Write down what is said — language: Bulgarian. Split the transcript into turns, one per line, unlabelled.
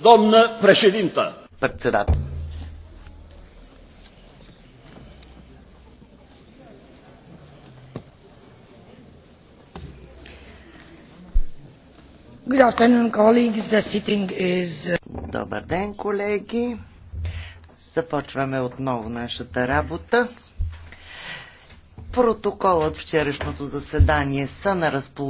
Domnă președintă! Председател.
Good afternoon, colleagues. The sitting is... Uh, Добър ден, колеги. Започваме отново нашата работа. Протоколът вчерашното заседание са на разположение.